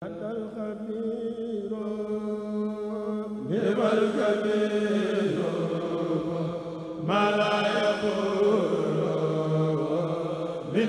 ma la yaqulu min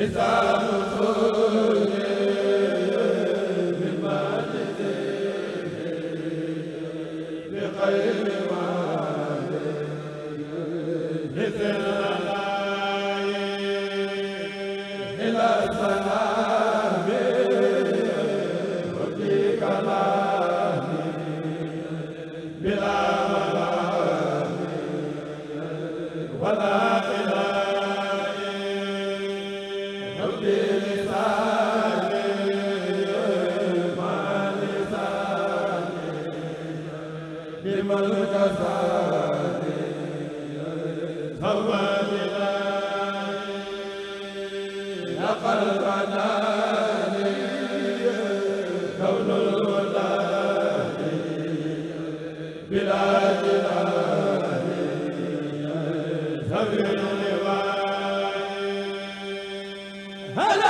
bi bila Hello